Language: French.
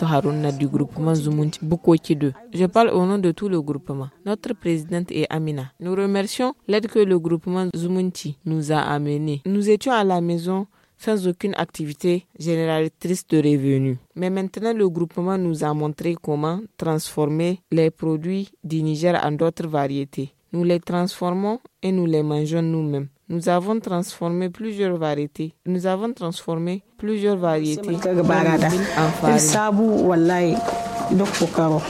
haruna du groupement 2 je parle au nom de tout le groupement notre présidente est amina nous remercions l'aide que le groupement Zumunti nous a amenée. nous étions à la maison sans aucune activité génératrice de revenus. Mais maintenant, le groupement nous a montré comment transformer les produits du Niger en d'autres variétés. Nous les transformons et nous les mangeons nous-mêmes nous avons transformé plusieurs variétés. Nous avons transformé plusieurs variétés en